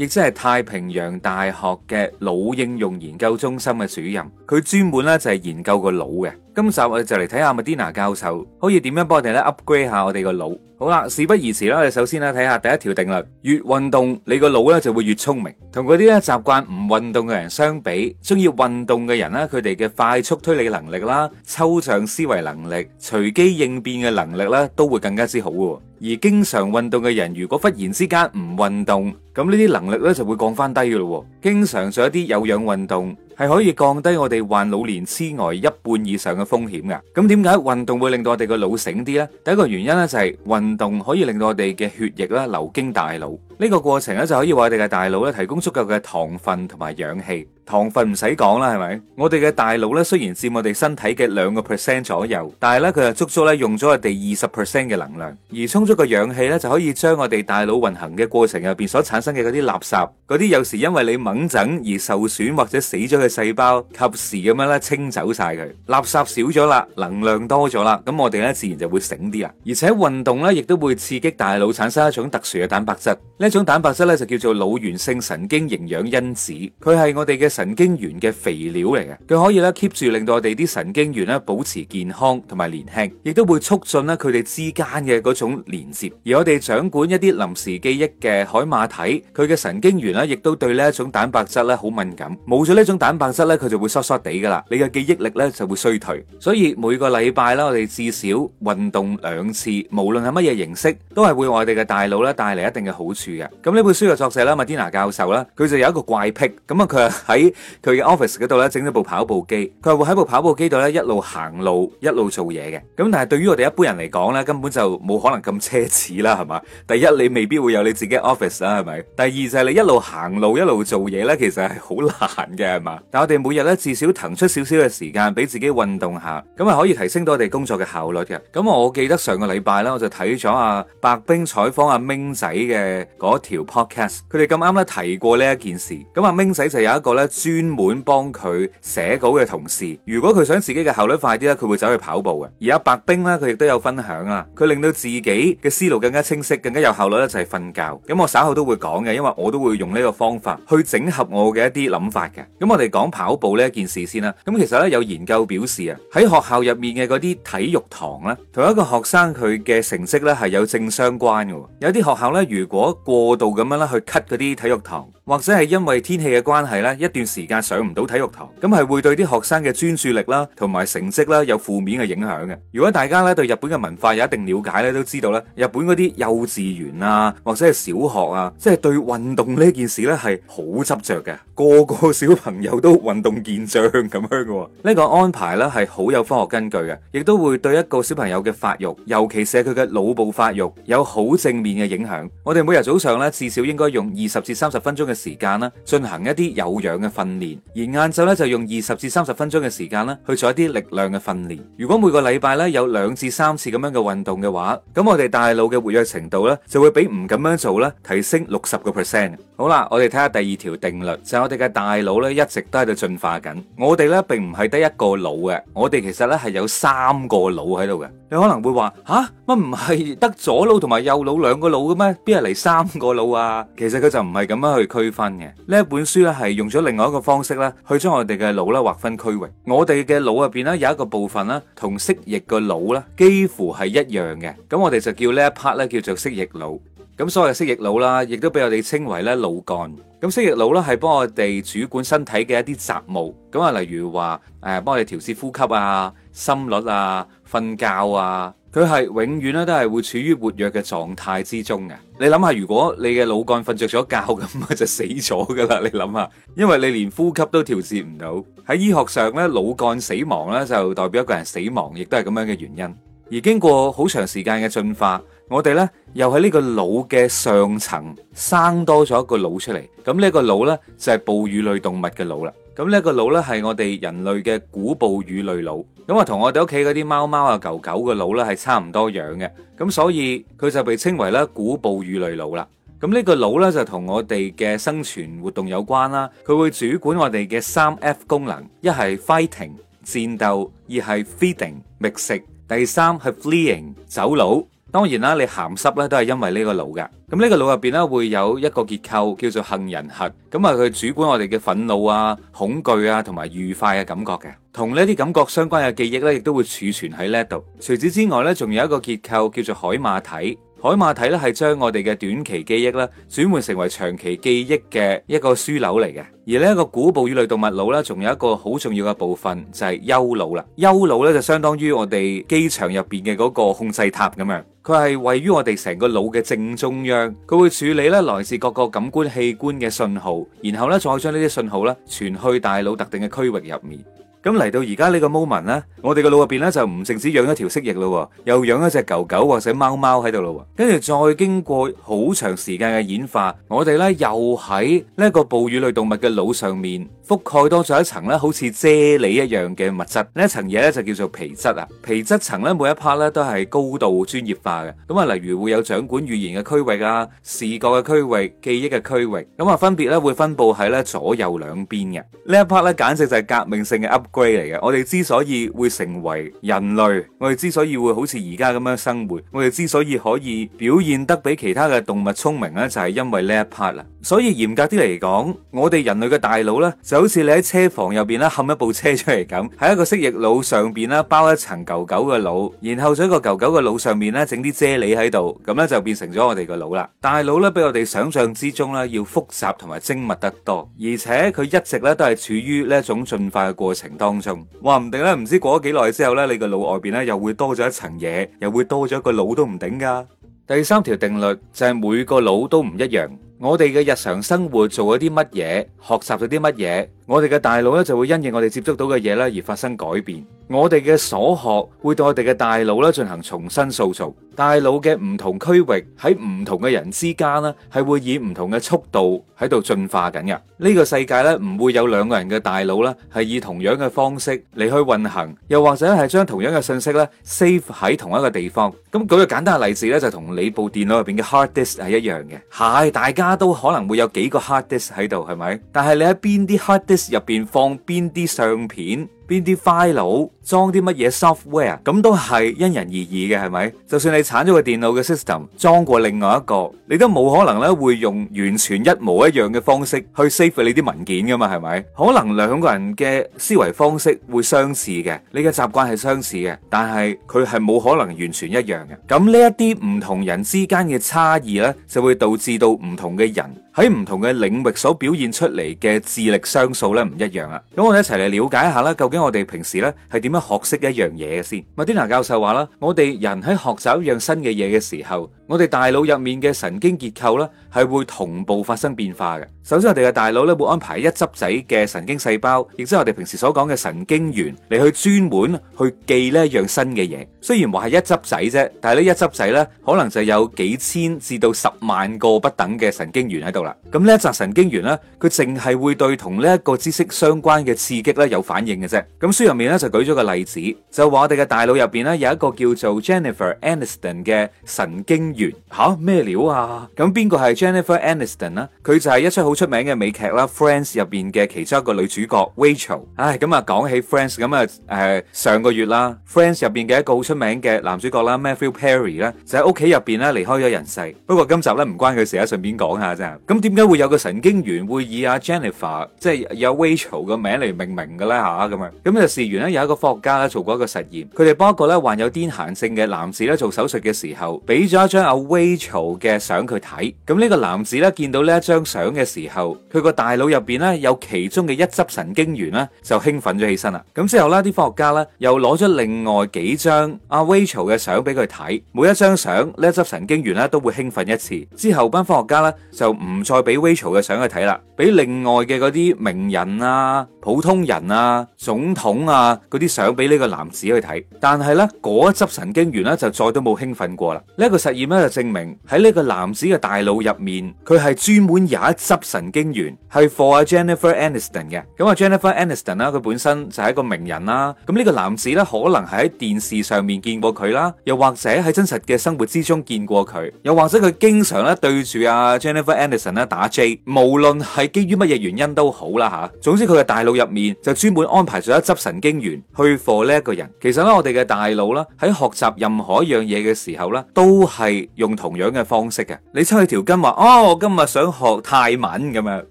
亦即係太平洋大學嘅腦應用研究中心嘅主任，佢專門咧就係研究個腦嘅。今集我哋就嚟睇下麥迪娜教授可以點樣幫我哋咧 upgrade 下我哋個腦。好啦，事不宜遲啦，我哋首先咧睇下第一條定律：越運動，你個腦咧就會越聰明。同嗰啲咧習慣唔運動嘅人相比，中意運動嘅人咧，佢哋嘅快速推理能力啦、抽象思維能力、隨機應變嘅能力咧，都會更加之好。而經常運動嘅人，如果忽然之間唔運動，咁呢啲能力咧就會降翻低嘅咯，經常做一啲有氧運動，係可以降低我哋患老年痴呆一半以上嘅風險噶。咁點解運動會令到我哋嘅腦醒啲咧？第一個原因咧就係運動可以令到我哋嘅血液啦流經大腦，呢個過程咧就可以為我哋嘅大腦咧提供足夠嘅糖分同埋氧氣。糖分唔使講啦，係咪？我哋嘅大腦咧雖然佔我哋身體嘅兩個 percent 左右，但係咧佢就足足咧用咗我哋二十 percent 嘅能量，而充足嘅氧氣咧就可以將我哋大腦運行嘅過程入邊所產生嘅嗰啲垃圾，嗰啲有時因為你猛整而受損或者死咗嘅。細胞及時咁樣咧清走晒佢，垃圾少咗啦，能量多咗啦，咁我哋咧自然就會醒啲啦。而且運動咧亦都會刺激大腦產生一種特殊嘅蛋白質，呢一種蛋白質咧就叫做腦源性神經營養因子，佢係我哋嘅神經元嘅肥料嚟嘅，佢可以咧 keep 住令到我哋啲神經元咧保持健康同埋年輕，亦都會促進咧佢哋之間嘅嗰種連接。而我哋掌管一啲臨時記憶嘅海馬體，佢嘅神經元呢，亦都對呢一種蛋白質咧好敏感，冇咗呢種蛋。蛋白質咧，佢就會疏疏地噶啦，你嘅記憶力咧就會衰退，所以每個禮拜啦，我哋至少運動兩次，無論係乜嘢形式，都係會我哋嘅大腦咧帶嚟一定嘅好處嘅。咁呢本書嘅作者啦，麥蒂娜教授啦，佢就有一個怪癖，咁啊佢係喺佢嘅 office 嗰度咧整咗部跑步機，佢係會喺部跑步機度咧一路行路一路做嘢嘅。咁但係對於我哋一般人嚟講咧，根本就冇可能咁奢侈啦，係嘛？第一你未必會有你自己 office 啦，係咪？第二就係你一路行路一路做嘢咧，其實係好難嘅，係嘛？但係我哋每日咧至少騰出少少嘅時間俾自己運動下，咁啊可以提升到我哋工作嘅效率嘅。咁我記得上個禮拜咧，我就睇咗阿白冰採訪阿明仔嘅嗰條 podcast，佢哋咁啱咧提過呢一件事。咁阿明仔就有一個咧專門幫佢寫稿嘅同事，如果佢想自己嘅效率快啲咧，佢會走去跑步嘅。而阿白冰咧，佢亦都有分享啊，佢令到自己嘅思路更加清晰、更加有效率咧就係瞓覺。咁我稍後都會講嘅，因為我都會用呢個方法去整合我嘅一啲諗法嘅。咁我哋。講跑步呢件事先啦，咁其實呢，有研究表示啊，喺學校入面嘅嗰啲體育堂咧，同一個學生佢嘅成績呢係有正相關嘅，有啲學校呢，如果過度咁樣咧去 cut 嗰啲體育堂。或者係因為天氣嘅關係咧，一段時間上唔到體育堂，咁係會對啲學生嘅專注力啦，同埋成績啦有負面嘅影響嘅。如果大家咧對日本嘅文化有一定了解咧，都知道咧日本嗰啲幼稚園啊，或者係小學啊，即係對運動呢件事咧係好執着嘅，個個小朋友都運動健將咁樣嘅。呢個安排咧係好有科學根據嘅，亦都會對一個小朋友嘅發育，尤其是佢嘅腦部發育，有好正面嘅影響。我哋每日早上咧至少應該用二十至三十分鐘嘅。時間啦，進行一啲有氧嘅訓練，而晏晝咧就用二十至三十分鐘嘅時間啦，去做一啲力量嘅訓練。如果每個禮拜咧有兩至三次咁樣嘅運動嘅話，咁我哋大腦嘅活躍程度咧就會比唔咁樣做咧提升六十個 percent。好啦，我哋睇下第二條定律，就係我哋嘅大腦咧一直都喺度進化緊。我哋咧並唔係得一個腦嘅，我哋其實咧係有三個腦喺度嘅。你可能會話吓，乜唔係得左腦同埋右腦兩個腦嘅咩？邊係嚟三個腦啊？其實佢就唔係咁樣去區分嘅呢一本書咧係用咗另外一個方式咧去將我哋嘅腦咧劃分區域。我哋嘅腦入邊咧有一個部分咧同蜥蜴嘅腦咧幾乎係一樣嘅，咁我哋就叫呢一 part 咧叫做蜥蜴腦。咁所謂嘅蜥蜴腦啦，亦都俾我哋稱為咧腦幹。咁蜥蜴腦咧係幫我哋主管身體嘅一啲雜務，咁啊例如話誒幫我哋調節呼吸啊、心率啊、瞓覺啊。佢係永遠咧都係會處於活躍嘅狀態之中嘅。你諗下，如果你嘅腦幹瞓着咗覺咁，就死咗噶啦。你諗下，因為你連呼吸都調節唔到。喺醫學上咧，腦幹死亡咧就代表一個人死亡，亦都係咁樣嘅原因。而經過好長時間嘅進化，我哋咧又喺呢個腦嘅上層生多咗一個腦出嚟。咁呢個腦咧就係哺乳類動物嘅腦啦。咁呢個腦咧係我哋人類嘅古哺乳類腦，咁啊同我哋屋企嗰啲貓貓啊、狗狗嘅腦咧係差唔多樣嘅，咁所以佢就被稱為咧古哺乳類腦啦。咁、這、呢個腦咧就同我哋嘅生存活動有關啦，佢會主管我哋嘅三 F 功能，一係 fighting 戰鬥，二係 feeding 覓食，第三係 fleeing 走佬。當然啦，你鹹濕咧都係因為呢個腦嘅。咁呢個腦入邊咧會有一個結構叫做杏仁核，咁啊佢主管我哋嘅憤怒啊、恐懼啊同埋愉快嘅感覺嘅，同呢啲感覺相關嘅記憶咧亦都會儲存喺呢度。除此之外咧，仲有一個結構叫做海馬體。海馬體咧係將我哋嘅短期記憶咧轉換成為長期記憶嘅一個樞紐嚟嘅。而呢一個古哺乳類動物腦咧，仲有一個好重要嘅部分就係丘腦啦。丘腦咧就相當於我哋機場入邊嘅嗰個控制塔咁樣，佢係位於我哋成個腦嘅正中央，佢會處理咧來自各個感官器官嘅信號，然後咧再將呢啲信號咧傳去大腦特定嘅區域入面。咁嚟到而家呢個 moment 咧，我哋個腦入邊呢，就唔淨止養一條蜥蜴咯，又養一隻狗狗或者貓貓喺度咯，跟住再經過好長時間嘅演化，我哋呢又喺呢一個哺乳類動物嘅腦上面覆蓋多咗一層呢，好似啫喱一樣嘅物質，呢一層嘢呢，就叫做皮質啊。皮質層呢，每一 part 咧都係高度專業化嘅，咁啊例如會有掌管語言嘅區域啊、視覺嘅區域、記憶嘅區域，咁啊分別呢會分布喺呢左右兩邊嘅。呢一 part 咧簡直就係革命性嘅 up。歸嚟嘅，我哋之所以會成為人類，我哋之所以會好似而家咁樣生活，我哋之所以可以表現得比其他嘅動物聰明咧，就係因為呢一 part 啦。所以嚴格啲嚟講，我哋人類嘅大腦咧，就好似你喺車房入邊咧冚一部車出嚟咁，喺一個蜥蜴腦上邊咧包一層狗狗嘅腦，然後喺個狗狗嘅腦上邊咧整啲啫喱喺度，咁咧就變成咗我哋嘅腦啦。大腦咧比我哋想象之中咧要複雜同埋精密得多，而且佢一直咧都係處於呢一種進化嘅過程，當中，話唔定咧，唔知過咗幾耐之後咧，你個腦外邊咧又會多咗一層嘢，又會多咗個腦都唔頂㗎。第三條定律就係每個腦都唔一樣，我哋嘅日常生活做咗啲乜嘢，學習咗啲乜嘢。我哋嘅大腦咧就會因應我哋接觸到嘅嘢咧而發生改變，我哋嘅所學會對我哋嘅大腦咧進行重新塑造。大腦嘅唔同區域喺唔同嘅人之間咧係會以唔同嘅速度喺度進化緊嘅。呢個世界咧唔會有兩個人嘅大腦咧係以同樣嘅方式嚟去運行，又或者係將同樣嘅信息咧 save 喺同一個地方。咁舉個簡單嘅例子咧就同你部電腦入邊嘅 hard disk 係一樣嘅，係大家都可能會有幾個 hard disk 喺度，係咪？但係你喺邊啲 hard disk？入邊放邊啲相片？邊啲 file 裝啲乜嘢 software，咁都係因人而異嘅，係咪？就算你鏟咗個電腦嘅 system，裝過另外一個，你都冇可能咧會用完全一模一樣嘅方式去 save 你啲文件噶嘛，係咪？可能兩個人嘅思維方式會相似嘅，你嘅習慣係相似嘅，但係佢係冇可能完全一樣嘅。咁呢一啲唔同人之間嘅差異咧，就會導致到唔同嘅人喺唔同嘅領域所表現出嚟嘅智力商數咧唔一樣啦。咁我哋一齊嚟了解一下啦，究竟。我哋平時咧，係點樣學識一樣嘢嘅先？麥丁娜教授話啦，我哋人喺學習一樣新嘅嘢嘅時候，我哋大腦入面嘅神經結構咧，係會同步發生變化嘅。首先我，我哋嘅大腦咧會安排一執仔嘅神經細胞，亦即係我哋平時所講嘅神經元嚟，去專門去記呢一樣新嘅嘢。雖然話係一執仔啫，但係呢一執仔咧可能就有幾千至到十萬個不等嘅神經元喺度啦。咁呢一紮神經元咧，佢淨係會對同呢一個知識相關嘅刺激咧有反應嘅啫。咁書入面咧就舉咗個例子，就話我哋嘅大腦入邊咧有一個叫做 Jennifer Aniston 嘅神經。吓咩料啊？咁邊個係 Jennifer Aniston 啊？佢就係一出好出名嘅美劇啦，Friends 入邊嘅其中一個女主角 Rachel。唉、哎，咁啊講起 Friends 咁啊，誒、呃、上個月啦，Friends 入邊嘅一個好出名嘅男主角啦 Matthew Perry 咧，就喺屋企入邊啦離開咗人世。不過今集咧唔關佢事啊，順便講下啫。咁點解會有個神經元會以阿、啊、Jennifer 即係有 Rachel 個名嚟命名嘅咧吓？咁啊，咁就事緣呢，有一個科學家咧做過一個實驗，佢哋幫一個咧患有癲癇症嘅男士咧做手術嘅時候，俾咗一張。阿 w e 嘅相佢睇，咁呢個男子咧見到呢一張相嘅時候，佢個大腦入邊咧有其中嘅一執神經元咧就興奮咗起身啦。咁之後咧，啲科學家咧又攞咗另外幾張阿 w e 嘅相俾佢睇，每一張相呢一執神經元咧都會興奮一次。之後班科學家咧就唔再俾 w e 嘅相佢睇啦，俾另外嘅嗰啲名人啊。普通人啊、總統啊嗰啲相俾呢個男子去睇，但係咧嗰一執神經元咧就再都冇興奮過啦。呢一個實驗咧就證明喺呢個男子嘅大腦入面，佢係專門有一執神經元係 for 阿 Jennifer Aniston 嘅。咁阿 Jennifer Aniston 咧，佢本身就係一個名人啦。咁呢個男子咧可能係喺電視上面見過佢啦，又或者喺真實嘅生活之中見過佢，又或者佢經常咧對住阿 Jennifer Aniston 咧打 J，無論係基於乜嘢原因都好啦嚇。總之佢嘅大腦，腦入面就專門安排咗一執神經元去課呢一個人。其實咧，我哋嘅大腦咧，喺學習任何一樣嘢嘅時候咧，都係用同樣嘅方式嘅。你出去條筋話哦，我今日想學泰文咁樣，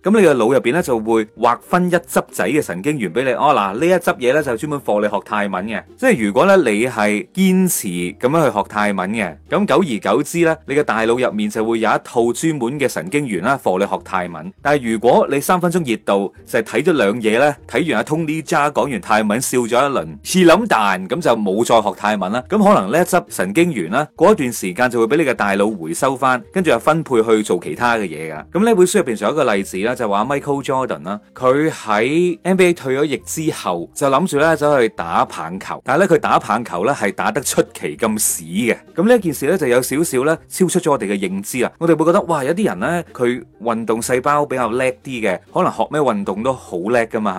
咁你嘅腦入邊咧就會劃分一執仔嘅神經元俾你。哦嗱，呢一執嘢咧就專門課你學泰文嘅。即係如果咧你係堅持咁樣去學泰文嘅，咁久而久之咧，你嘅大腦入面就會有一套專門嘅神經元啦，課你學泰文。但係如果你三分鐘熱度，就係睇咗兩嘢咧。睇完阿 Tony Jaa 講完泰文笑咗一輪，似諗但咁就冇再學泰文啦。咁、嗯、可能呢一執神經元啦，過一段時間就會俾你個大腦回收翻，跟住又分配去做其他嘅嘢噶。咁、嗯、呢本書入邊仲有一個例子啦，就話、是、Michael Jordan 啦、啊，佢喺 NBA 退咗役之後，就諗住咧走去打棒球，但係咧佢打棒球咧係打得出奇咁屎嘅。咁、嗯、呢件事咧就有少少咧超出咗我哋嘅認知啦。我哋會覺得哇，有啲人咧佢運動細胞比較叻啲嘅，可能學咩運動都好叻噶嘛。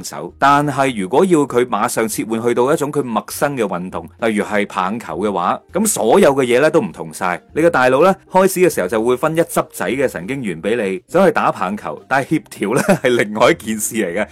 手，但係如果要佢馬上切換去到一種佢陌生嘅運動，例如係棒球嘅話，咁所有嘅嘢呢都唔同晒。你個大腦呢開始嘅時候就會分一執仔嘅神經元俾你，走去打棒球，但係協調呢係另外一件事嚟嘅。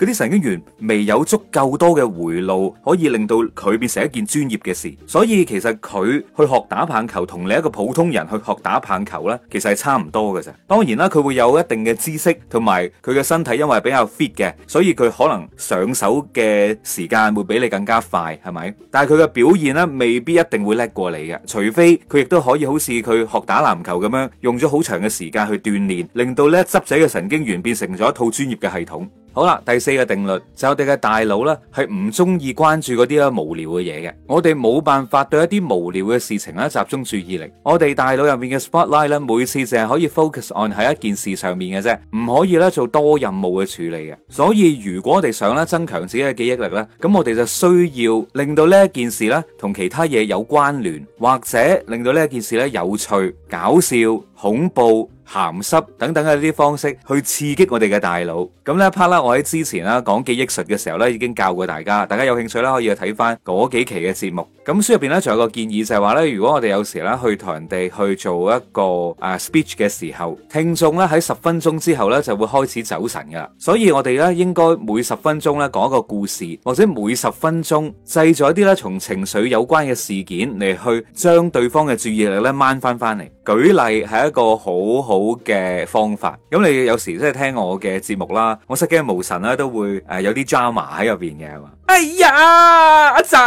嗰啲神經元未有足夠多嘅回路，可以令到佢變成一件專業嘅事。所以其實佢去學打棒球，同你一個普通人去學打棒球咧，其實係差唔多嘅。啫，當然啦，佢會有一定嘅知識，同埋佢嘅身體因為比較 fit 嘅，所以佢可能上手嘅時間會比你更加快，係咪？但係佢嘅表現咧，未必一定會叻過你嘅。除非佢亦都可以好似佢學打籃球咁樣，用咗好長嘅時間去鍛煉，令到咧執仔嘅神經元變成咗一套專業嘅系統。好啦，第四個定律就係我哋嘅大腦呢係唔中意關注嗰啲啦無聊嘅嘢嘅。我哋冇辦法對一啲無聊嘅事情咧集中注意力。我哋大腦入面嘅 spotlight 呢，每次淨係可以 focus on 喺一件事上面嘅啫，唔可以呢做多任務嘅處理嘅。所以如果我哋想咧增強自己嘅記憶力呢，咁我哋就需要令到呢一件事呢同其他嘢有關聯，或者令到呢一件事呢有趣、搞笑、恐怖、鹹濕等等嘅啲方式去刺激我哋嘅大腦。咁呢一 part 啦，我喺之前啦講記憶術嘅時候呢已經教過大家。大家有興趣咧，可以去睇翻嗰幾期嘅節目。咁書入邊呢仲有個建議就係話呢：如果我哋有時呢去同人哋去做一個啊 speech 嘅時候，聽眾呢喺十分鐘之後呢就會開始走神噶喇。所以我哋呢應該每十分鐘呢講一個故事，或者每十分鐘製造一啲呢同情緒有關嘅事件嚟去將對方嘅注意力呢掹翻翻嚟。舉例係一個好好好嘅方法，咁你有時即係聽我嘅節目啦，我失驚無神咧都會誒有啲 drama 喺入邊嘅係嘛？哎呀，阿仔，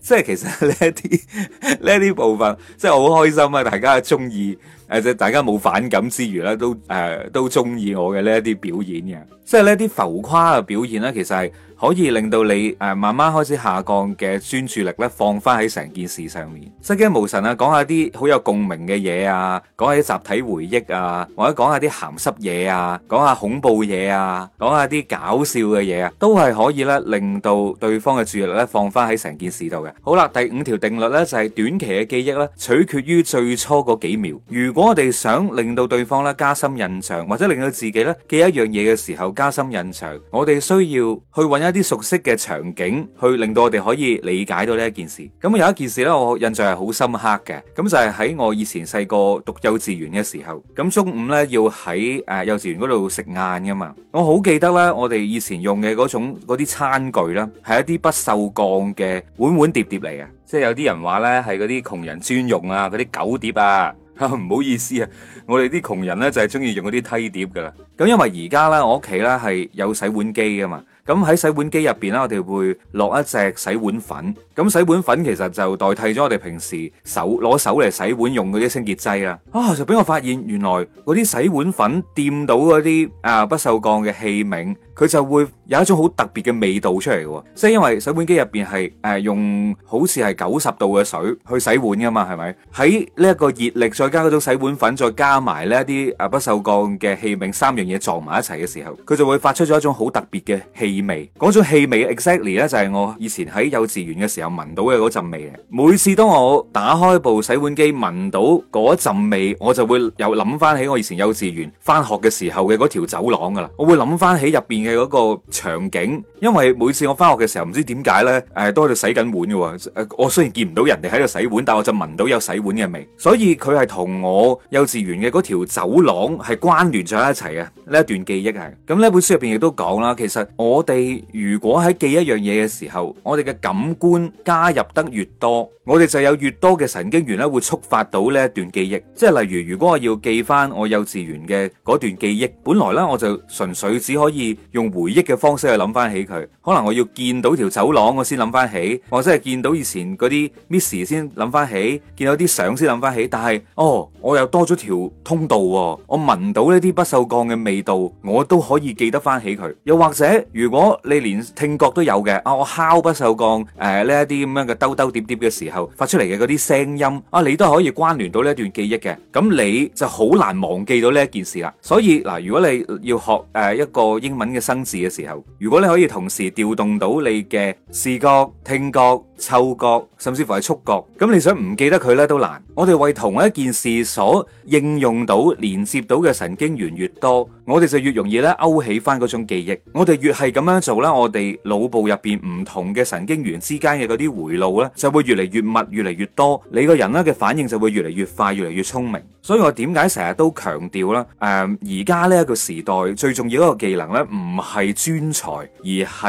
即係其實呢一啲呢一啲部分，即係我好開心啊，大家中意誒即係大家冇反感之餘咧，都誒都中意我嘅呢一啲表演嘅，即係呢一啲浮誇嘅表演咧，其實係。可以令到你誒、呃、慢慢開始下降嘅專注力咧，放翻喺成件事上面。失驚無神啊，講下啲好有共鳴嘅嘢啊，講下啲集體回憶啊，或者講下啲鹹濕嘢啊，講下恐怖嘢啊，講下啲搞笑嘅嘢啊，都係可以咧，令到對方嘅注意力咧放翻喺成件事度嘅。好啦，第五條定律咧就係、是、短期嘅記憶咧取決於最初嗰幾秒。如果我哋想令到對方咧加深印象，或者令到自己咧記一樣嘢嘅時候加深印象，我哋需要去揾一一啲熟悉嘅場景，去令到我哋可以理解到呢一件事。咁有一件事呢，我印象係好深刻嘅。咁就係喺我以前細個讀幼稚園嘅時候，咁中午呢要喺誒、呃、幼稚園嗰度食晏噶嘛。我好記得呢，我哋以前用嘅嗰種嗰啲餐具呢，係一啲不鏽鋼嘅碗碗碟碟嚟嘅。即係有啲人話呢係嗰啲窮人專用啊，嗰啲狗碟啊，唔好意思啊，我哋啲窮人呢就係中意用嗰啲梯碟噶啦。咁因為而家呢，我屋企呢係有洗碗機噶嘛。咁喺洗碗機入邊啦，我哋會落一隻洗碗粉。咁洗碗粉其實就代替咗我哋平時手攞手嚟洗碗用嗰啲清潔劑啦。啊，就俾我發現原來嗰啲洗碗粉掂到嗰啲啊不鏽鋼嘅器皿，佢就會有一種好特別嘅味道出嚟喎。即係因為洗碗機入邊係誒用好似係九十度嘅水去洗碗噶嘛，係咪？喺呢一個熱力再加嗰種洗碗粉，再加埋呢一啲啊不鏽鋼嘅器皿三樣嘢撞埋一齊嘅時候，佢就會發出咗一種好特別嘅氣味嗰種氣味 exactly 咧，就係我以前喺幼稚園嘅時候聞到嘅嗰陣味啊！每次當我打開部洗碗機，聞到嗰陣味，我就會又諗翻起我以前幼稚園翻學嘅時候嘅嗰條走廊噶啦，我會諗翻起入邊嘅嗰個場景，因為每次我翻學嘅時候唔知點解呢，誒都喺度洗緊碗嘅，我雖然見唔到人哋喺度洗碗，但我就聞到有洗碗嘅味，所以佢係同我幼稚園嘅嗰條走廊係關聯咗喺一齊嘅呢一段記憶係。咁呢一本書入邊亦都講啦，其實我。我哋如果喺記一樣嘢嘅時候，我哋嘅感官加入得越多，我哋就有越多嘅神經元咧，會觸發到呢一段記憶。即係例如，如果我要記翻我幼稚園嘅嗰段記憶，本來咧，我就純粹只可以用回憶嘅方式去諗翻起佢。可能我要見到條走廊，我先諗翻起，或者係見到以前嗰啲 Miss 先諗翻起，見到啲相先諗翻起。但係哦，我又多咗條通道，哦，我聞到呢啲不銹鋼嘅味道，我都可以記得翻起佢。又或者，如如果你連聽覺都有嘅，啊，我敲不鏽鋼，誒，呢一啲咁樣嘅兜兜疊疊嘅時候發出嚟嘅嗰啲聲音，啊，你都可以關聯到呢一段記憶嘅，咁你就好難忘記到呢一件事啦。所以嗱，如果你要學誒一個英文嘅生字嘅時候，如果你可以同時調動到你嘅視覺、聽覺、嗅覺，甚至乎係觸覺，咁你想唔記得佢呢都難。我哋為同一件事所應用到、連接到嘅神經元越多，我哋就越容易咧勾起翻嗰種記憶。我哋越係咁樣做咧，我哋腦部入邊唔同嘅神經元之間嘅嗰啲回路咧，就會越嚟越密、越嚟越多。你個人咧嘅反應就會越嚟越快、越嚟越聰明。所以我點解成日都強調啦？誒、呃，而家呢一個時代最重要一個技能呢，唔係專才，而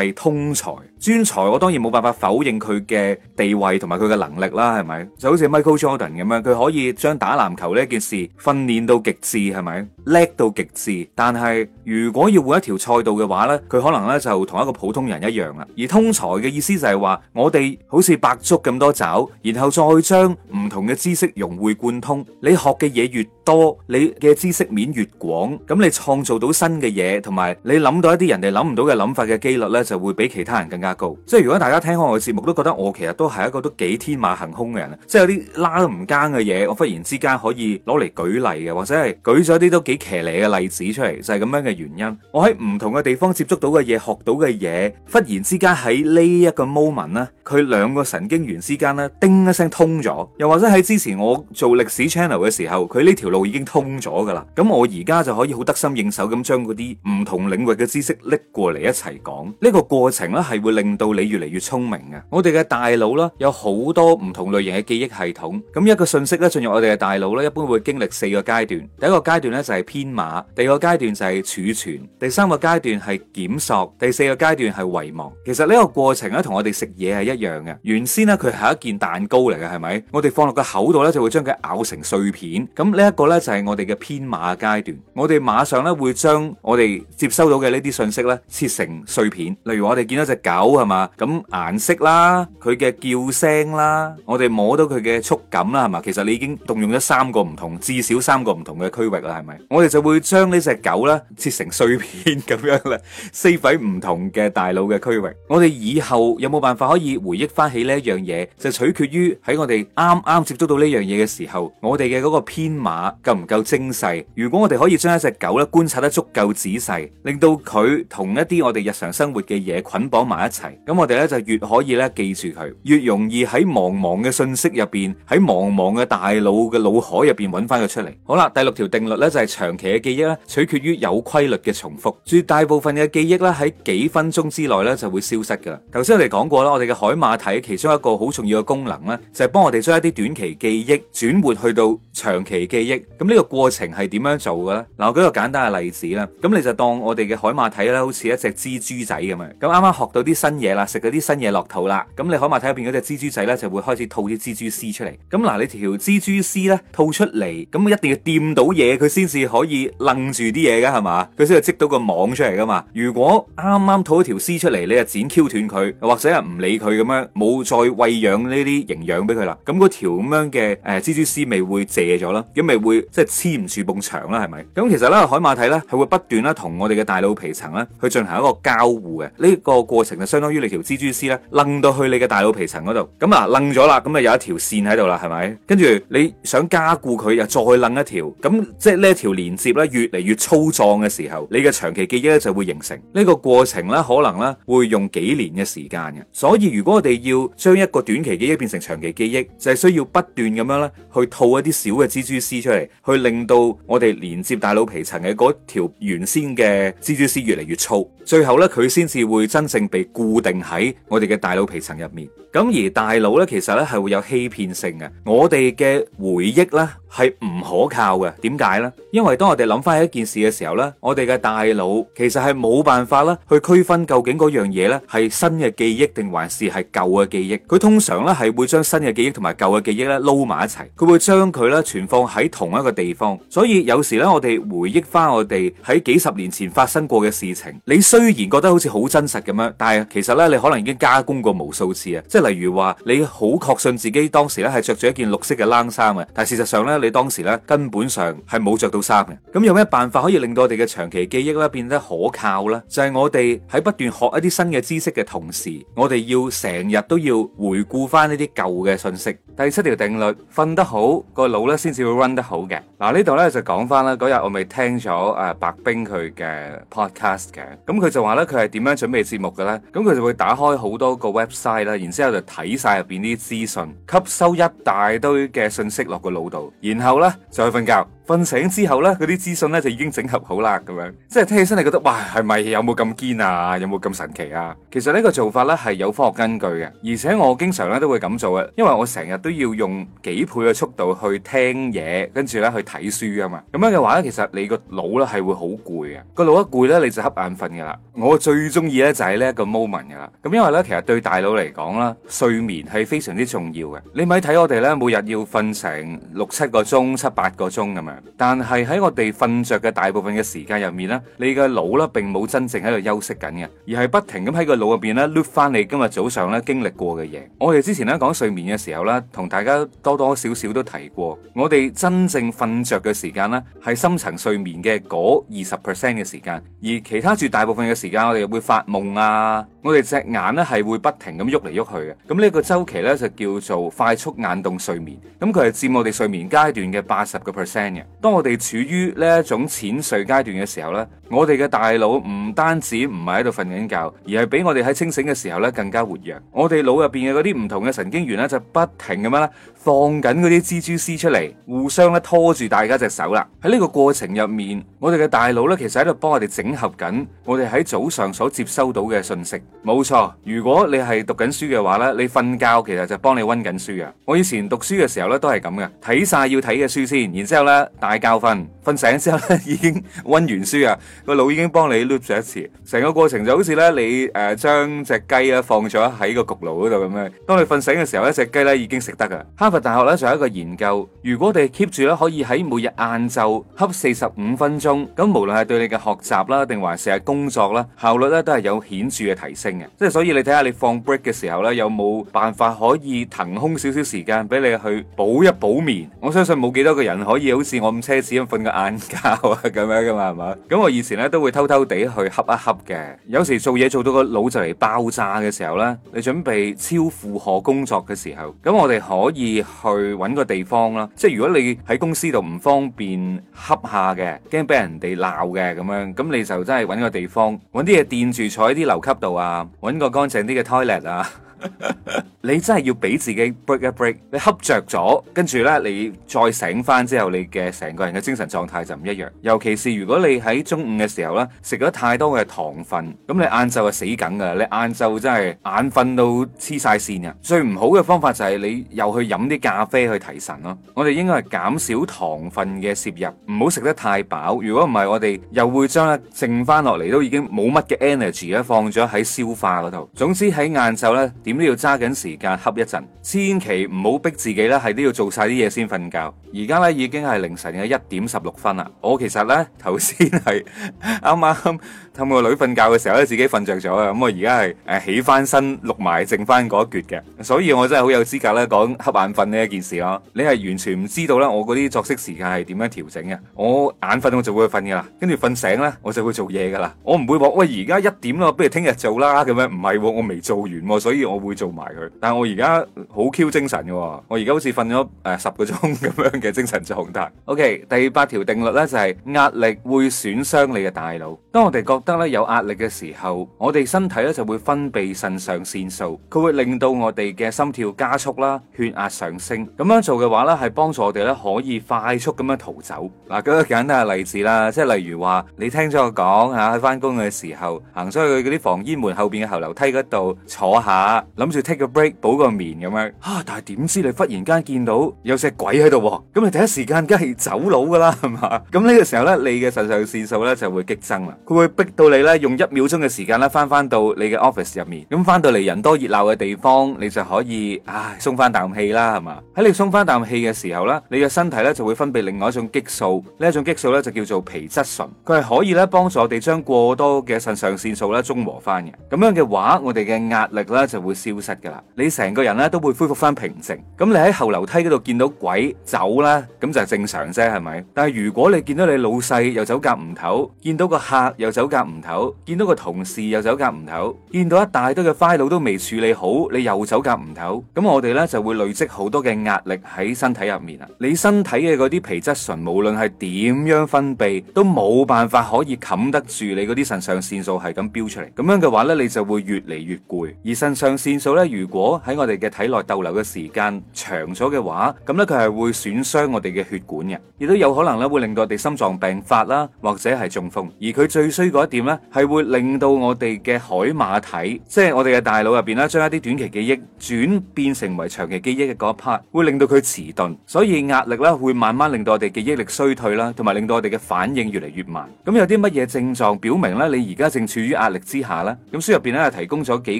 係通才。專才，我當然冇辦法否認佢嘅地位同埋佢嘅能力啦，係咪？就好似 Michael Jordan 咁樣，佢可以將打籃球呢件事訓練到極致，係咪？叻到極致，但係如果要換一條賽道嘅話呢，佢可能呢就同一個普通人一樣啦。而通才嘅意思就係話，我哋好似百足咁多爪，然後再將唔同嘅知識融會貫通。你學嘅嘢越多，你嘅知識面越廣，咁你創造到新嘅嘢，同埋你諗到一啲人哋諗唔到嘅諗法嘅機率呢，就會比其他人更加高。即係如果大家聽我嘅節目都覺得我其實都係一個都幾天馬行空嘅人，即係有啲拉唔奸嘅嘢，我忽然之間可以攞嚟舉例嘅，或者係舉咗啲都幾騎呢嘅例子出嚟，就係咁樣嘅原因。我喺唔同嘅地方接觸到嘅嘢，學到嘅嘢，忽然之間喺呢一個 moment 呢，佢兩個神經元之間呢，叮一聲通咗。又或者喺之前我做歷史 channel 嘅時候，佢呢條路已經通咗噶啦，咁我而家就可以好得心應手咁將嗰啲唔同領域嘅知識拎過嚟一齊講。呢個過程咧係會令到你越嚟越聰明嘅。我哋嘅大腦咧有好多唔同類型嘅記憶系統。咁一個信息咧進入我哋嘅大腦咧，一般會經歷四個階段。第一個階段咧就係編碼，第二個階段就係儲存，第三個階段係檢索，第四個階段係遺忘。其實呢個過程咧同我哋食嘢係一樣嘅。原先呢，佢係一件蛋糕嚟嘅，係咪？我哋放落個口度咧就會將佢咬成碎片。咁呢一個咧就係我哋嘅編碼階段，我哋馬上咧會將我哋接收到嘅呢啲信息咧切成碎片。例如我哋見到隻狗係嘛，咁顏色啦，佢嘅叫聲啦，我哋摸到佢嘅觸感啦，係嘛，其實你已經動用咗三個唔同，至少三個唔同嘅區域啦，係咪？我哋就會將呢隻狗咧切成碎片咁樣咧，save 喺唔同嘅大腦嘅區域。我哋以後有冇辦法可以回憶翻起呢一樣嘢，就取決於喺我哋啱啱接觸到呢樣嘢嘅時候，我哋嘅嗰個編碼。夠唔夠精細？如果我哋可以將一隻狗咧，觀察得足夠仔細，令到佢同一啲我哋日常生活嘅嘢捆綁埋一齊，咁我哋咧就越可以咧記住佢，越容易喺茫茫嘅信息入邊，喺茫茫嘅大腦嘅腦海入邊揾翻佢出嚟。好啦，第六條定律呢就係長期嘅記憶咧取決於有規律嘅重複。絕大部分嘅記憶咧喺幾分鐘之內咧就會消失噶頭先我哋講過啦，我哋嘅海馬體其中一個好重要嘅功能咧就係幫我哋將一啲短期記憶轉換去到長期記憶。咁呢個過程係點樣做嘅咧？嗱，我舉個簡單嘅例子啦，咁你就當我哋嘅海馬體咧，好似一隻蜘蛛仔咁啊。咁啱啱學到啲新嘢啦，食咗啲新嘢落肚啦。咁你海馬體入邊嗰隻蜘蛛仔咧，就會開始吐啲蜘蛛絲出嚟。咁嗱，你條蜘蛛絲咧吐出嚟，咁一定要掂到嘢，佢先至可以掕住啲嘢噶係嘛？佢先係織到個網出嚟噶嘛。如果啱啱吐一條絲出嚟，你啊剪 Q 斷佢，或者係唔理佢咁樣，冇再餵養呢啲營養俾佢啦。咁嗰條咁樣嘅誒蜘蛛絲咪會借咗囉，咁咪會。會即係黐唔住埲牆啦，係咪？咁其實咧，海馬體咧，係會不斷咧同我哋嘅大腦皮層咧去進行一個交互嘅。呢個過程就相當於你條蜘蛛絲咧，掕到去你嘅大腦皮層嗰度。咁啊，掕咗啦，咁啊有一條綫喺度啦，係咪？跟住你想加固佢，又再掕一條。咁即係呢一條連接咧，越嚟越粗壯嘅時候，你嘅長期記憶咧就會形成。呢個過程咧，可能咧會用幾年嘅時間嘅。所以如果我哋要將一個短期記憶變成長期記憶，就係需要不斷咁樣咧去套一啲小嘅蜘蛛絲出嚟。去令到我哋連接大腦皮層嘅嗰條原先嘅蜘蛛絲越嚟越粗，最後咧佢先至會真正被固定喺我哋嘅大腦皮層入面。咁而大腦咧，其實咧係會有欺騙性嘅，我哋嘅回憶咧係唔可靠嘅。點解咧？因為當我哋諗翻一件事嘅時候咧，我哋嘅大腦其實係冇辦法啦去區分究竟嗰樣嘢咧係新嘅記憶定還是係舊嘅記憶。佢通常咧係會將新嘅記憶同埋舊嘅記憶咧撈埋一齊，佢會將佢咧存放喺同。同一個地方，所以有時咧，我哋回憶翻我哋喺幾十年前發生過嘅事情，你雖然覺得好似好真實咁樣，但係其實咧，你可能已經加工過無數次啊！即係例如話，你好確信自己當時咧係着住一件綠色嘅冷衫嘅，但係事實上咧，你當時咧根本上係冇着到衫嘅。咁有咩辦法可以令到我哋嘅長期記憶咧變得可靠呢？就係、是、我哋喺不斷學一啲新嘅知識嘅同時，我哋要成日都要回顧翻呢啲舊嘅信息。第七條定律：瞓得好，個腦咧，先至會 run 得好。好嘅，嗱、啊、呢度咧就講翻啦。嗰日我咪聽咗誒、啊、白冰佢嘅 podcast 嘅，咁佢就話咧佢係點樣準備節目嘅咧？咁佢就會打開好多個 website 啦，然之後就睇晒入邊啲資訊，吸收一大堆嘅信息落個腦度，然後咧就去瞓覺。瞓醒之後呢，嗰啲資訊呢就已經整合好啦，咁樣即係聽起身，你覺得哇，係咪有冇咁堅啊？有冇咁神奇啊？其實呢個做法呢係有科學根據嘅，而且我經常呢都會咁做嘅，因為我成日都要用幾倍嘅速度去聽嘢，跟住呢去睇書啊嘛。咁樣嘅話呢，其實你個腦呢係會好攰嘅，個腦一攰呢，你就瞌眼瞓噶啦。我最中意呢就係呢一個 moment 噶啦，咁因為呢，其實對大腦嚟講啦，睡眠係非常之重要嘅。你咪睇我哋呢，每日要瞓成六七個鐘、七八個鐘咁樣。但係喺我哋瞓着嘅大部分嘅時間入面呢，你嘅腦呢並冇真正喺度休息緊嘅，而係不停咁喺個腦入邊呢，loop 翻你今日早上呢經歷過嘅嘢。我哋之前呢講睡眠嘅時候呢，同大家多多少少都提過，我哋真正瞓着嘅時間呢係深層睡眠嘅嗰二十 percent 嘅時間，而其他住大部分嘅時間我哋會發夢啊。我哋隻眼咧係會不停咁喐嚟喐去嘅，咁呢個週期咧就叫做快速眼動睡眠，咁佢係佔我哋睡眠階段嘅八十個 percent 嘅。當我哋處於呢一種淺睡階段嘅時候咧，我哋嘅大腦唔單止唔係喺度瞓緊覺，而係俾我哋喺清醒嘅時候咧更加活躍。我哋腦入邊嘅嗰啲唔同嘅神經元咧就不停咁樣咧放緊嗰啲蜘蛛絲出嚟，互相咧拖住大家隻手啦。喺呢個過程入面，我哋嘅大腦咧其實喺度幫我哋整合緊我哋喺早上所接收到嘅信息。冇錯，如果你係讀緊書嘅話咧，你瞓覺其實就幫你溫緊書㗎。我以前讀書嘅時候咧，都係咁嘅，睇晒要睇嘅書先，然之後咧大覺瞓，瞓醒之後呢，已經溫完書啊，個腦已經幫你碌咗一次，成個過程就好似咧你誒、呃、將隻雞啊放咗喺個焗爐嗰度咁樣。當你瞓醒嘅時候咧，隻雞咧已經食得噶。哈佛大學仲有一個研究，如果我哋 keep 住咧可以喺每日晏晝恰四十五分鐘，咁無論係對你嘅學習啦，定還是係工作啦，效率呢都係有顯著嘅提升。即係所以你睇下你放 break 嘅時候呢，有冇辦法可以騰空少少時間俾你去補一補眠？我相信冇幾多個人可以好似我咁奢侈咁瞓個晏覺啊咁 樣噶嘛，係嘛？咁我以前呢，都會偷偷地去瞌一瞌嘅。有時做嘢做到個腦就嚟爆炸嘅時候呢，你準備超負荷工作嘅時候，咁我哋可以去搵個地方啦。即係如果你喺公司度唔方便瞌下嘅，驚俾人哋鬧嘅咁樣，咁你就真係搵個地方搵啲嘢墊住坐喺啲樓級度啊。啊揾個乾淨啲嘅 toilet 啊！ 你真係要俾自己 break 一 break，你瞌着咗，跟住呢，你再醒翻之後，你嘅成個人嘅精神狀態就唔一樣。尤其是如果你喺中午嘅時候呢，食咗太多嘅糖分，咁你晏晝係死緊噶，你晏晝真係眼瞓到黐晒線啊！最唔好嘅方法就係你又去飲啲咖啡去提神咯。我哋應該係減少糖分嘅攝入，唔好食得太飽。如果唔係，我哋又會將剩翻落嚟都已經冇乜嘅 energy 咧放咗喺消化嗰度。總之喺晏晝呢。點都要揸緊時間，恰一陣，千祈唔好逼自己呢，係都要做晒啲嘢先瞓覺。而家呢已經係凌晨嘅一點十六分啦。我其實呢頭先係啱啱。 氹個女瞓覺嘅時候咧，自己瞓着咗啊！咁、嗯、我而家係誒起翻身錄埋剩翻嗰一橛嘅，所以我真係好有資格咧講瞌眼瞓呢一件事啦。你係完全唔知道咧，我嗰啲作息時間係點樣調整嘅。我眼瞓我就會瞓噶啦，跟住瞓醒咧我就會做嘢噶啦。我唔會話喂而家一點咯，不如聽日做啦咁樣，唔係、哦、我未做完、哦，所以我會做埋佢。但係我而家好 Q、A、精神嘅、哦，我而家好似瞓咗誒十個鐘咁樣嘅精神狀態。O、okay, K，第八條定律咧就係、是、壓力會損傷你嘅大腦。當我哋覺得咧有壓力嘅時候，我哋身體咧就會分泌腎上腺素，佢會令到我哋嘅心跳加速啦，血壓上升。咁樣做嘅話咧，係幫助我哋咧可以快速咁樣逃走。嗱，舉個簡單嘅例子啦，即係例如話你聽咗我講啊，喺翻工嘅時候行咗去嗰啲防煙門後邊嘅後樓梯嗰度坐下，諗住 take 個 break 補個眠咁樣。啊，但係點知你忽然間見到有隻鬼喺度，咁你第一時間梗係走佬噶啦，係嘛？咁呢個時候咧，你嘅腎上腺素咧就會激增啦，佢會逼。到你咧用一秒鐘嘅時間咧翻翻到你嘅 office 入面，咁翻到嚟，人多熱鬧嘅地方，你就可以唉鬆翻啖氣啦，係嘛？喺你鬆翻啖氣嘅時候啦，你嘅身體咧就會分泌另外一種激素，呢一種激素咧就叫做皮質醇，佢係可以咧幫助我哋將過多嘅腎上腺素咧中和翻嘅。咁樣嘅話，我哋嘅壓力咧就會消失噶啦，你成個人咧都會恢復翻平靜。咁你喺後樓梯嗰度見到鬼走啦，咁就係正常啫，係咪？但係如果你見到你老細又走夾唔唞，見到個客又走夾，唔唞，見到個同事又走夾唔唞，見到一大堆嘅 file 都未處理好，你又走夾唔唞，咁我哋呢就會累積好多嘅壓力喺身體入面啊！你身體嘅嗰啲皮質醇，無論係點樣分泌，都冇辦法可以冚得住你嗰啲腎上腺素係咁飆出嚟。咁樣嘅話呢，你就會越嚟越攰。而腎上腺素呢，如果喺我哋嘅體內逗留嘅時間長咗嘅話，咁呢，佢係會損傷我哋嘅血管嘅，亦都有可能咧會令到我哋心臟病發啦，或者係中風。而佢最衰嗰點咧係會令到我哋嘅海馬體，即係我哋嘅大腦入邊啦，將一啲短期記憶轉變成為長期記憶嘅嗰一 part，會令到佢遲鈍，所以壓力咧會慢慢令到我哋記憶力衰退啦，同埋令到我哋嘅反應越嚟越慢。咁有啲乜嘢症狀表明咧你而家正處於壓力之下呢？咁書入邊咧提供咗幾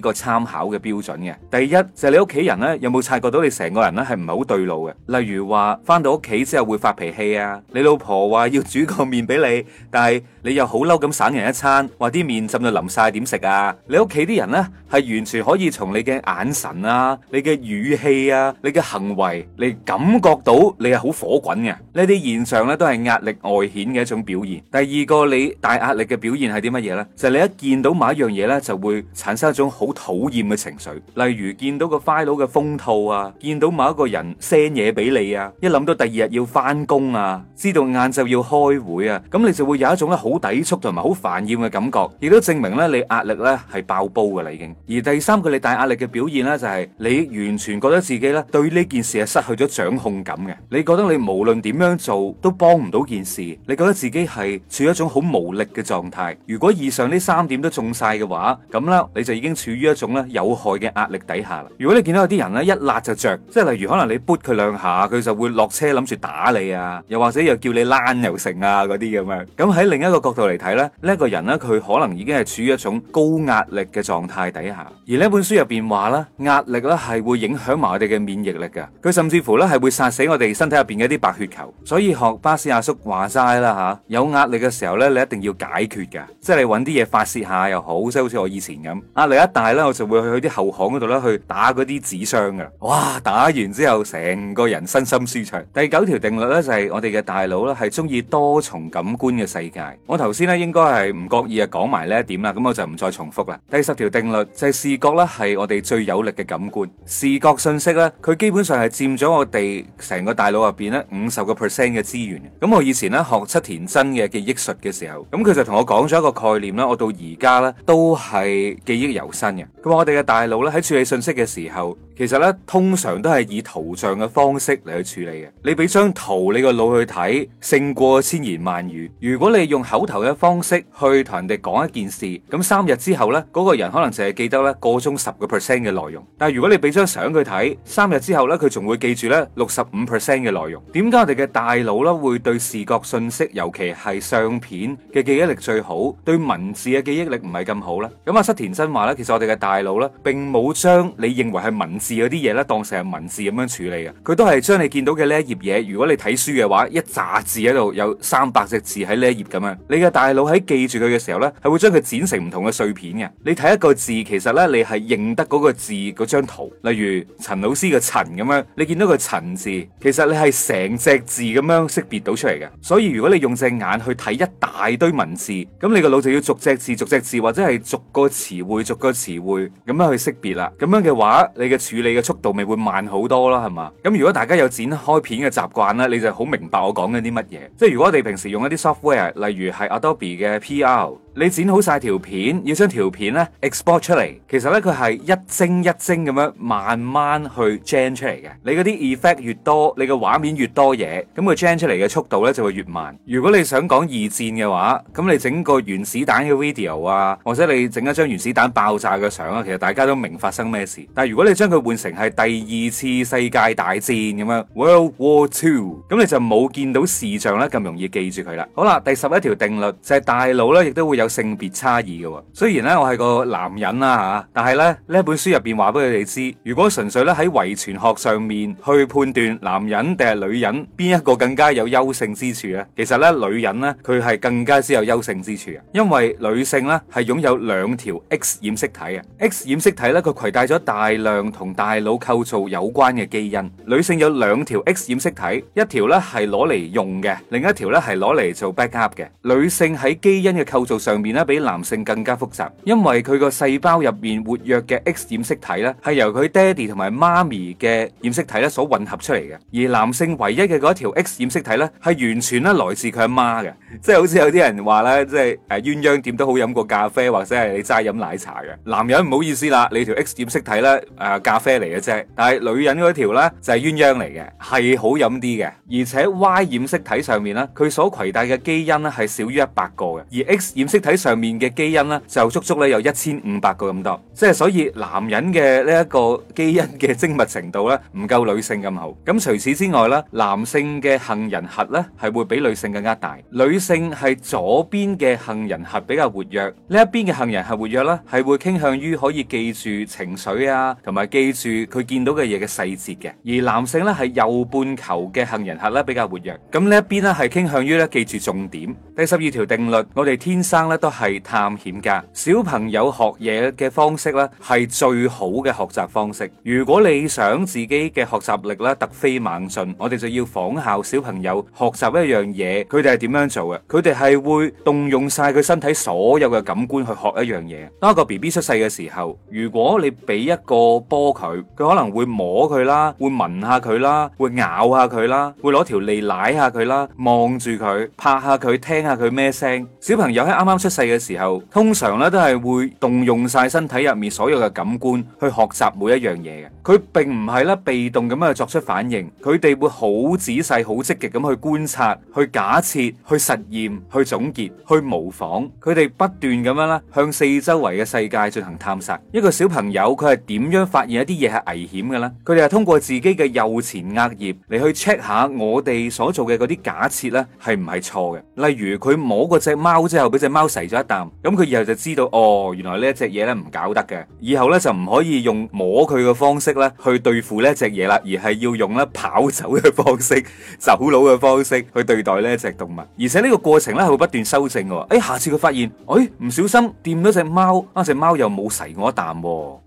個參考嘅標準嘅。第一就係你屋企人咧有冇察覺到你成個人咧係唔係好對路嘅？例如話翻到屋企之後會發脾氣啊，你老婆話要煮個麵俾你，但係你又好嬲咁省人一。話啲麵浸到淋晒，點食啊！你屋企啲人呢，係完全可以從你嘅眼神啊、你嘅語氣啊、你嘅行為你感覺到你係好火滾嘅。呢啲現象呢，都係壓力外顯嘅一種表現。第二個你大壓力嘅表現係啲乜嘢呢？就係你一見到某一樣嘢呢，就會產生一種好討厭嘅情緒。例如見到個 file 嘅封套啊，見到某一個人 send 嘢俾你啊，一諗到第二日要翻工啊，知道晏晝要開會啊，咁你就會有一種咧好抵觸同埋好煩嘅感覺，亦都證明咧你壓力咧係爆煲噶啦已經。而第三個你大壓力嘅表現咧就係你完全覺得自己咧對呢件事係失去咗掌控感嘅。你覺得你無論點樣做都幫唔到件事，你覺得自己係處於一種好無力嘅狀態。如果以上呢三點都中晒嘅話，咁咧你就已經處於一種咧有害嘅壓力底下啦。如果你見到有啲人咧一焫就著，即係例如可能你撥佢兩下，佢就會落車諗住打你啊，又或者又叫你躝又成啊嗰啲咁樣。咁喺另一個角度嚟睇咧，呢一個人。咧佢可能已經係處於一種高壓力嘅狀態底下，而呢本書入邊話啦，壓力咧係會影響埋我哋嘅免疫力噶，佢甚至乎咧係會殺死我哋身體入邊嗰啲白血球，所以學巴士阿叔話齋啦吓，有壓力嘅時候咧，你一定要解決噶，即係你搵啲嘢發洩下又好，即係好似我以前咁，壓力一大咧，我就會去啲後巷嗰度咧去打嗰啲紙箱噶，哇！打完之後成個人身心舒暢。第九條定律咧就係我哋嘅大腦咧係中意多重感官嘅世界，我頭先咧應該係唔。各意啊，講埋呢一點啦，咁我就唔再重複啦。第十條定律就係視覺咧，係我哋最有力嘅感官。視覺信息咧，佢基本上係佔咗我哋成個大腦入邊咧五十個 percent 嘅資源。咁我以前咧學七田真嘅記憶術嘅時候，咁佢就同我講咗一個概念啦，我到而家咧都係記憶猶新嘅。佢話我哋嘅大腦咧喺處理信息嘅時候。其實咧，通常都係以圖像嘅方式嚟去處理嘅。你俾張圖你個腦去睇，勝過千言萬語。如果你用口頭嘅方式去同人哋講一件事，咁三日之後呢，嗰、那個人可能淨係記得呢個中十個 percent 嘅內容。但係如果你俾張相佢睇，三日之後呢，佢仲會記住呢六十五 percent 嘅內容。點解我哋嘅大腦呢會對視覺信息，尤其係相片嘅記憶力最好，對文字嘅記憶力唔係咁好呢？咁阿七田真話呢，其實我哋嘅大腦呢，並冇將你認為係文字。字嗰啲嘢咧，當成係文字咁樣處理嘅，佢都係將你見到嘅呢一頁嘢，如果你睇書嘅話，一紮字喺度，有三百隻字喺呢一頁咁樣。你嘅大腦喺記住佢嘅時候咧，係會將佢剪成唔同嘅碎片嘅。你睇一個字，其實咧你係認得嗰個字嗰張圖，例如陳老師嘅陳咁樣，你見到個陳字，其實你係成隻字咁樣識別到出嚟嘅。所以如果你用隻眼去睇一大堆文字，咁你個腦就要逐隻字逐隻字，或者係逐個詞彙逐個詞彙咁樣去識別啦。咁樣嘅話，你嘅處你嘅速度咪會慢好多啦，係嘛？咁如果大家有剪開片嘅習慣咧，你就好明白我講緊啲乜嘢。即係如果你平時用一啲 software，例如係 Adobe 嘅 PR，你剪好晒條片，要將條片咧 export 出嚟。其實咧佢係一幀一幀咁樣慢慢去 jam 出嚟嘅。你嗰啲 effect 越多，你嘅畫面越多嘢，咁佢 jam 出嚟嘅速度咧就會越慢。如果你想講二戰嘅話，咁你整個原子彈嘅 video 啊，或者你整一張原子彈爆炸嘅相啊，其實大家都明發生咩事。但係如果你將佢換成係第二次世界大戰咁樣，World War Two，咁你就冇見到視像咧，咁容易記住佢啦。好啦，第十一條定律就係大腦咧，亦都會有性別差異嘅。雖然咧我係個男人啦吓，但係咧呢一本書入邊話俾佢哋知，如果純粹咧喺遺傳學上面去判斷男人定係女人邊一個更加有優勝之處咧，其實咧女人咧佢係更加之有優勝之處嘅，因為女性咧係擁有兩條 X 染色體嘅，X 染色體咧佢携帶咗大量同。大腦構造有關嘅基因，女性有兩條 X 染色體，一條咧係攞嚟用嘅，另一條咧係攞嚟做 backup 嘅。女性喺基因嘅構造上面咧，比男性更加複雜，因為佢個細胞入面活躍嘅 X 染色體咧，係由佢爹哋同埋媽咪嘅染色體咧所混合出嚟嘅。而男性唯一嘅嗰一條 X 染色體咧，係完全咧來自佢阿媽嘅，即係好似有啲人話咧，即係誒鴛鴦點都好飲過咖啡，或者係你齋飲奶茶嘅。男人唔好意思啦，你條 X 染色體咧誒咖。啡嚟嘅啫，但係女人嗰條咧就係鴛鴦嚟嘅，係好飲啲嘅。而且 Y 染色體上面咧，佢所攜帶嘅基因咧係少於一百個嘅，而 X 染色體上面嘅基因咧就足足咧有一千五百個咁多，即係所以男人嘅呢一個基因嘅精密程度咧唔夠女性咁好。咁除此之外咧，男性嘅杏仁核咧係會比女性更加大，女性係左邊嘅杏仁核比較活躍，呢一邊嘅杏仁核活躍咧係會傾向於可以記住情緒啊，同埋記。住佢見到嘅嘢嘅細節嘅，而男性咧係右半球嘅杏仁核咧比較活躍，咁呢一邊咧係傾向於咧記住重點。第十二條定律，我哋天生咧都係探險家。小朋友學嘢嘅方式咧係最好嘅學習方式。如果你想自己嘅學習力咧突飛猛進，我哋就要仿效小朋友學習一樣嘢，佢哋係點樣做嘅？佢哋係會動用晒佢身體所有嘅感官去學一樣嘢。當個 BB 出世嘅時候，如果你俾一個波，佢佢可能會摸佢啦，會聞下佢啦，會咬下佢啦，會攞條脷舐下佢啦，望住佢，拍下佢，聽下佢咩聲。小朋友喺啱啱出世嘅時候，通常咧都係會動用晒身體入面所有嘅感官去學習每一樣嘢嘅。佢並唔係咧被動咁樣去作出反應，佢哋會好仔細、好積極咁去觀察、去假設、去實驗、去總結、去模仿。佢哋不斷咁樣啦，向四周圍嘅世界進行探索。一個小朋友佢係點樣發現一啲？啲嘢係危險嘅啦。佢哋係通過自己嘅右前額葉嚟去 check 下我哋所做嘅嗰啲假設咧係唔係錯嘅。例如佢摸過隻貓之後，俾隻貓噬咗一啖，咁佢以後就知道哦，原來呢一隻嘢咧唔搞得嘅，以後咧就唔可以用摸佢嘅方式咧去對付呢一隻嘢啦，而係要用咧跑走嘅方式、走佬嘅方式去對待呢一隻動物。而且呢個過程咧係會不斷修正。誒、哎，下次佢發現誒唔、哎、小心掂到隻貓，啊隻貓又冇噬我一啖，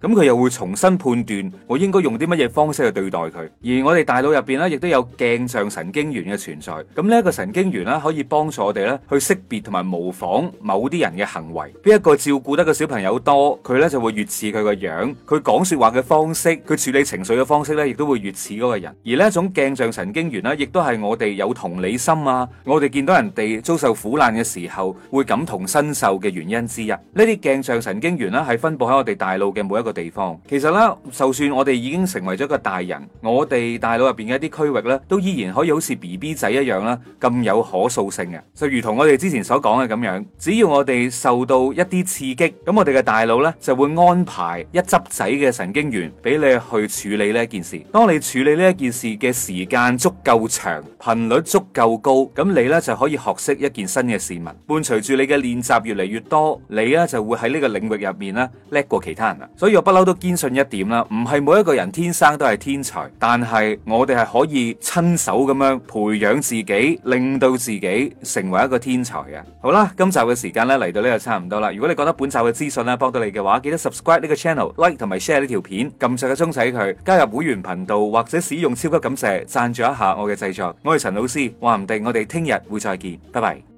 咁佢又會重新判斷。我應該用啲乜嘢方式去對待佢？而我哋大腦入邊咧，亦都有鏡像神經元嘅存在。咁呢個神經元咧，可以幫助我哋咧去識別同埋模仿某啲人嘅行為。邊一個照顧得個小朋友多，佢咧就會越似佢個樣。佢講說話嘅方式，佢處理情緒嘅方式咧，亦都會越似嗰個人。而呢種鏡像神經元呢，亦都係我哋有同理心啊，我哋見到人哋遭受苦難嘅時候會感同身受嘅原因之一。呢啲鏡像神經元呢，係分布喺我哋大腦嘅每一個地方。其實咧。就算我哋已經成為咗個大人，我哋大腦入邊嘅一啲區域咧，都依然可以好似 BB 仔一樣啦，咁有可塑性嘅。就如同我哋之前所講嘅咁樣，只要我哋受到一啲刺激，咁我哋嘅大腦呢，就會安排一執仔嘅神經元俾你去處理呢一件事。當你處理呢一件事嘅時間足夠長、頻率足夠高，咁你呢，就可以學識一件新嘅事物。伴隨住你嘅練習越嚟越多，你呢，就會喺呢個領域入面呢，叻過其他人啦。所以我不嬲都堅信一點啦。唔係每一個人天生都係天才，但係我哋係可以親手咁樣培養自己，令到自己成為一個天才啊！好啦，今集嘅時間呢，嚟到呢度差唔多啦。如果你覺得本集嘅資訊呢，幫到你嘅話，記得 subscribe 呢個 channel，like 同埋 share 呢條片，撳上個鐘仔佢，加入會員頻道或者使用超級感謝贊助一下我嘅製作。我係陳老 C，話唔定我哋聽日會再見，拜拜。